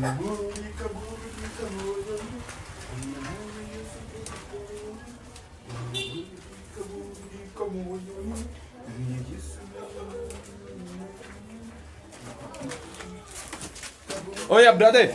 oh brother. Iya, berarti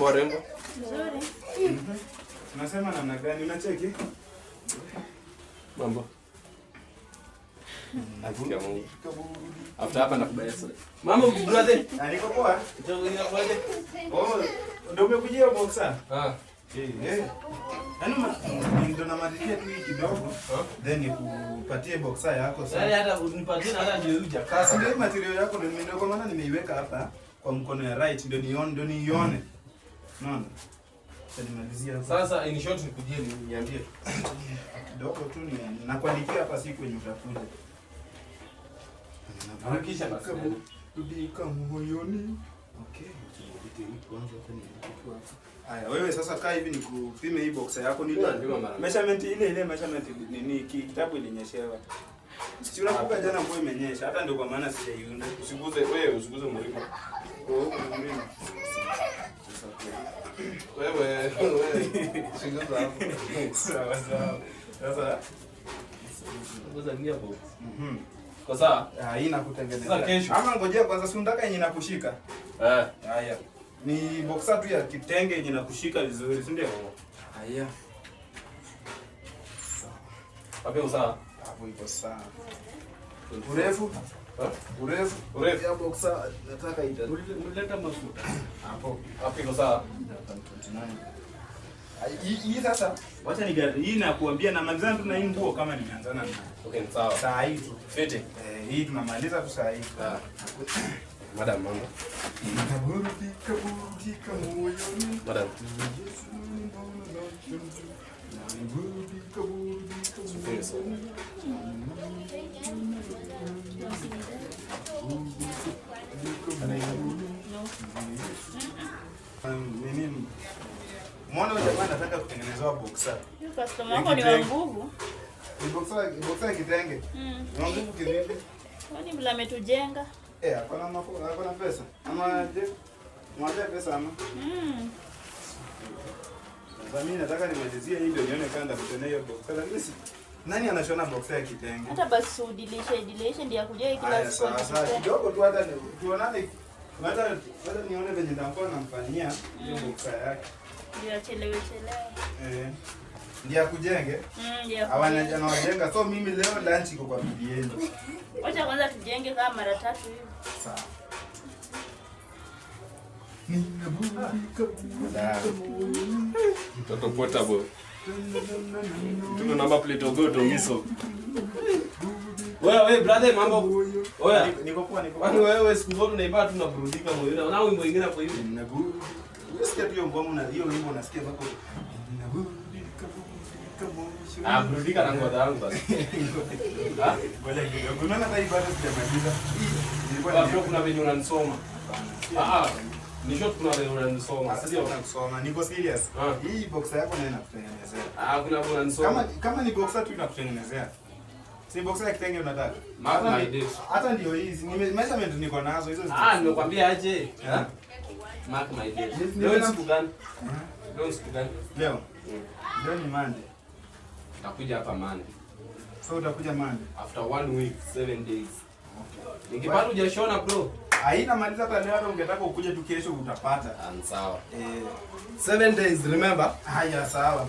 warembo. Nzuri. Mambo. Ah, After hapa nakubaya sana. Mama brother, niko poa. Oh, ndio umekujia boxer? Ah. Eh. Anuma, ndio na malizia tu hii kidogo. Then nikupatie boxer yako sasa. Yaani hata unipatie na hata ndio uja. Kasi ndio material yako ndio ndio kwa maana nimeiweka hapa kwa mkono ya right ndio nione ndio nione. Unaona? Nimalizia sasa, in short nikujie niambie kidogo tu, nakuandikia hapa siku yenye utakuja. Harakisha wewe sasa kaa hivi nikupime hii boxer yako ni measurement ile ile measurement nini kitabu ilinyeshewa. Si unakumbuka jana mvua imenyesha, hata ndio kwa maana sijaiunda. Usiguze wewe, usiguze mlima. Wewe, Usiguze hapo. Sawa sawa. Sasa. Ngoja ngia box. Mhm. Kwa sawa? Ah, hii nakutengenezea. Sasa kesho. Ama ngojea kwanza si unataka yenye nakushika. Eh. Haya. Ni boksa tu ya kitenge yenye nakushika vizuri, si ndio? Haya. Hapo usawa. Hapo iko sawa. Urefu? Urefu? Urefu. Ya boksa nataka ita. Ulileta mafuta. Hapo. Hapo iko sawa. 29. Hii sasa wacha ni gari hii nakuambia na malizana tu na hii nguo kama nimeanzana na. Okay, sawa. Saa hii tu. Fete. Eh, hii tunamaliza tu saa hii. Sawa. Ah. Madam mama. Nitaburudika burudika moyoni. Madam. Nitaburudika burudika moyoni. Unajua boxer. Hiyo customer wako ni wangugu. Ni boxer, ni kitenge. Mm. Ni wangugu kivipi? Kwani bila ametujenga. Eh, hapana mafua, hapana pesa. Ama je? Mwaje pesa ama? Mm. mimi nataka nimalizie hii ndio nione kanda kutenea hiyo boxer. Lakini si nani anashona boxer ya kitenge? Hata basi udilishe, idilishe ndio akujai kila siku. Sasa kidogo tu hata tuonane Wacha wacha nione venye nitakuwa namfanyia hiyo boksa yake. Ndio chelewe chelewe. Eh. Ndio akujenge. Mm, hawana jana wajenga. So mimi leo lunch iko kwa bibi yenu. Wacha kwanza tujenge kama mara tatu hivi. Sawa. Mtoto portable. Mtoto namba plate ogoto miso. Wewe wewe brother mambo. Oya. niko kwa niko. Kwani wewe siku zote unaibaa tu unaburudika moyoni. Una wimbo mwingine hapo hivi? Na Ninabu. Unasikia pia ngoma na hiyo wimbo unasikia hapo. Ninaburudika burudika. Ah, burudika na ngoda yangu basi. Ah? Bwana hiyo. Kuna na tai bado sijamaliza. Nilikuwa na kuna venye unanisoma. Ah. ah. Ni shot kuna venye unanisoma. Sasa unanisoma. Niko serious. Ah. Hii boxer yako na inakutengenezea. Ah, kuna unanisoma. Kama kama ni boxer tu inakutengenezea. Si box ya kitenge unataka? Maana hata ndio hizi. Nime measurement niko nazo hizo. Ah, nimekwambia aje. Eh? Mark my days. Eh? Leo ni siku gani? Leo ni siku gani? Leo. Leo ni Monday. Nitakuja hapa Monday. So utakuja Monday. After one week, seven days. Okay. Ningepata hujashona bro. Haina maliza hata leo hata ungetaka ukuje tu kesho utapata. Ah, Sawa. Eh, seven days remember? Haya sawa.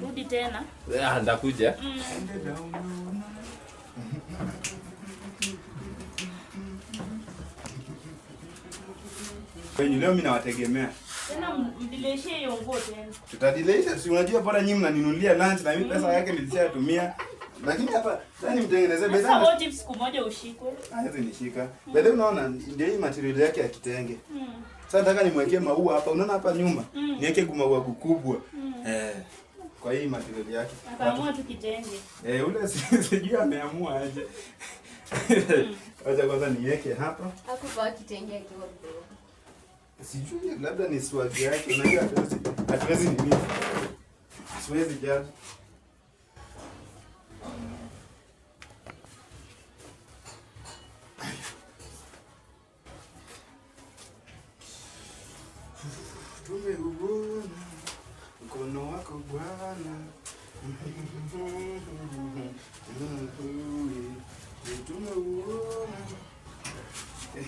Rudi tena. Ah, ndakuja. Mm. Wenye leo mimi nawategemea. Tutadileisha, si unajua bora nyinyi mnaninunulia lunch na mimi pesa mm. yake nilishatumia. Lakini hapa yaani sasa nimtengenezee besa. Sasa wote ushikwe. Ah, haiwezi nishika. Mm. Bado unaona ndio hii material yake ya kitenge. Mm. Sasa nataka nimwekee maua hapa. Unaona hapa nyuma? Mm. Niweke maua kukubwa. Mm. Eh kwa hii material yake. Akaamua tu kitenge. Eh, ule sijui ameamua aje. Hmm. Acha kwanza niweke hapa. Hakuvaa kitenge akiwa mdogo. Sijui labda ni swaji yake, unajua hatuwezi hatuwezi nini. Siwezi judge.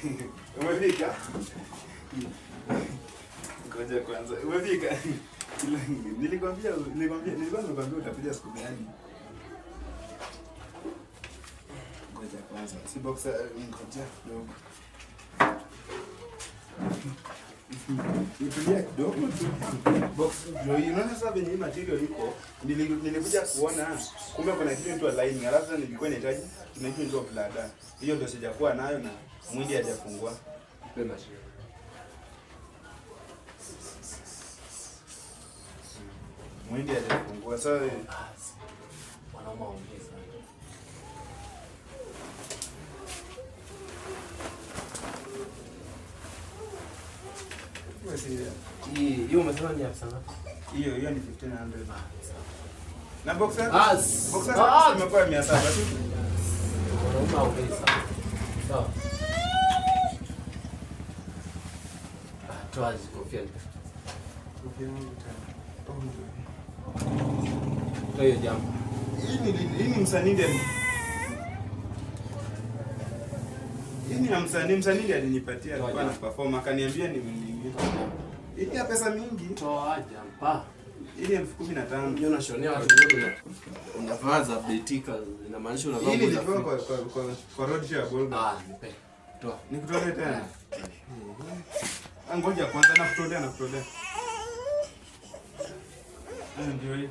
Umefika? Ngoja kwanza. Umefika? Nilikwambia, nilikwambia, nilikuwa nimekwambia utakuja siku gani? Ngoja kwanza. Si boxer ngoja Nitulia kidogo tu. ndio hii. sasa venye hii material iko, nilikuja kuona kumbe kuna kitu inaitwa lining. Alafu ah, sasa nilikuwa nahitaji tunaitwa ndio bladder. Hiyo ndio sijakuwa nayo na mwili hajafungua. Mwili hajafungua. Sasa wanaomba ongeza. Hiyo umesema ni afisa ngapi? Hiyo hiyo ni 1500. Na boxer? Bas. Boxer imekuwa 700 tu. Sawa. Ah, Toa kofia. Kofia yangu tena. Toa hiyo Hii ni hii ni msanii ndio. Mimi na msanii msanii ndiye alinipatia alikuwa na perform akaniambia ni mlingi. Ili ya pesa mingi. Toa mpa. Ili elfu kumi na tano. Ndio nashonea watu wote. Unavaa za betika inamaanisha unavaa Ili nilikuwa kwa kwa kwa, kwa road ya gold. Ah, nipe. Toa. Nikutolee tena. Hmm. Ah, ngoja kwanza na kutolea na kutolea. Ah, ndio hiyo.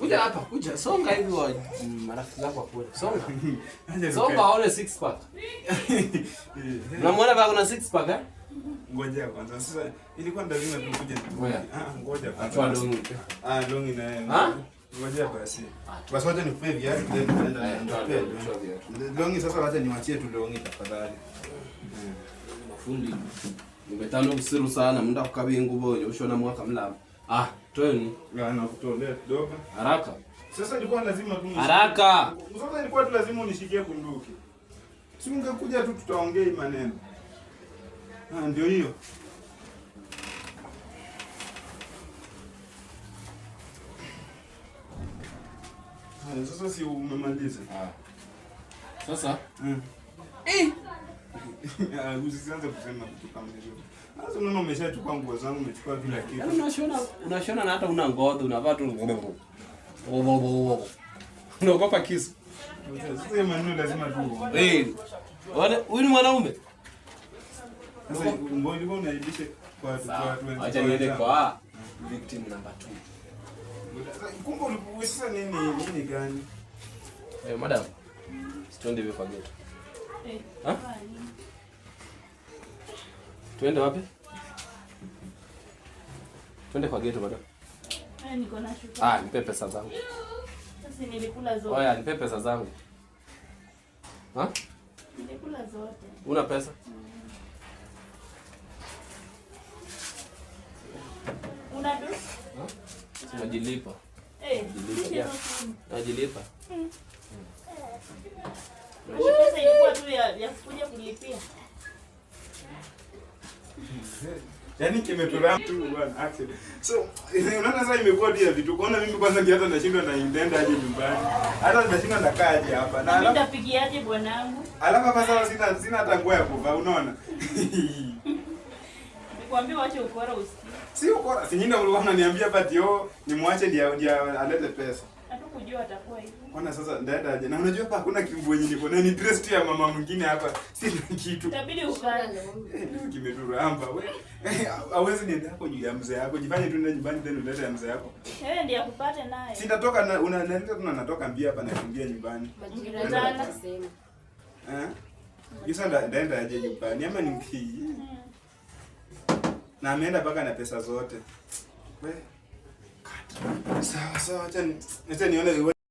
Kuja hapa, kuja songa hivi wa mm, marafiki zako wakuone. Songa. Songa waone six pack. Unamwona bado kuna six pack eh? Ngoja kwanza. Sasa ilikuwa ndio lazima tukuje tukuje. Ah, ngoja kwanza. Acha Ah, dongi na yeye. Ah? Ngoja basi. Ah, basi wacha nikupe viatu then tunaenda eh, ndio. Dongi sasa wacha niwachie tu dongi tafadhali. Eh. Mafundi. Nimetano msiru sana, mnda kukabingu boyo, ushona mwaka mlamo. Ah, twende. Na kutolea kidogo. Haraka. Sasa ilikuwa lazima tu. Haraka. Sasa ilikuwa tu lazima unishikie bunduki. Si ungekuja tu tutaongea maneno. Ah, ndio hiyo. Haya, sasa si umemaliza. Ah. Sasa? Mm. Eh. eh. Ah, usianze kusema kitu kama hicho. Sasa mama umeshachukua nguo zangu, umechukua kila kitu. Yaani unashona, unashona na hata una ngozi, unavaa tu nguo. Unaogopa kisu. Sasa Emmanuel lazima tu. Eh. Wale, huyu ni mwanaume. Sasa mbona mbona unaibisha kwa watu wengi? Acha niende kwa victim number 2. Kumbe ulikuwa nini nini gani? Eh, madam. Sitonde vifageti. Eh. Ha? Tuende wapi? Tuende kwa geto bado. Ah, nipe pesa zangu. Sasa nilikula zote. Oya, nipe pesa zangu. Ha? Nilikula zote. Una pesa? Mm. Una do? Ha? Unajilipa. Eh, unajilipa. Mm. mm. Eh, pesa ilikuwa tu ya kuja kulipia. Yaani kimetolea mtu bwana axe. So, unaona sasa imekuwa dia vitu. Unaona mimi kwanza kiata nashindwa na indenda aje nyumbani. Hata nashindwa nakaa aje hapa. Na alafu nitapigiaje bwanangu? Alafu hapa sasa sina sina hata nguo ya kuvaa, unaona? Nikwambia waache ukora usikie. Si ukora, sinyinda uliona niambia bati yo nimwache dia dia alete pesa. Sikujua atakuwa hivi. Bwana sasa ndadaje? Na unajua hapa hakuna kimbu yenye niko nani dress tu ya mama mwingine hapa. Sina kitu. Itabidi ukale. Ndio eh, amba hamba wewe. Eh, Hawezi nienda hapo juu ya mzee yako. Jifanye tu nenda nyumbani then ulete ya mzee yako. Wewe ndiye akupate naye. Sitatoka na unanileta tuna natoka mbia hapa na kimbia nyumbani. Majira sana sema. Eh? Yusa ndaenda aje nyumbani ama ni mkii? Mm. Na ameenda mpaka na pesa zote. Wewe Sawa sawa, acha nione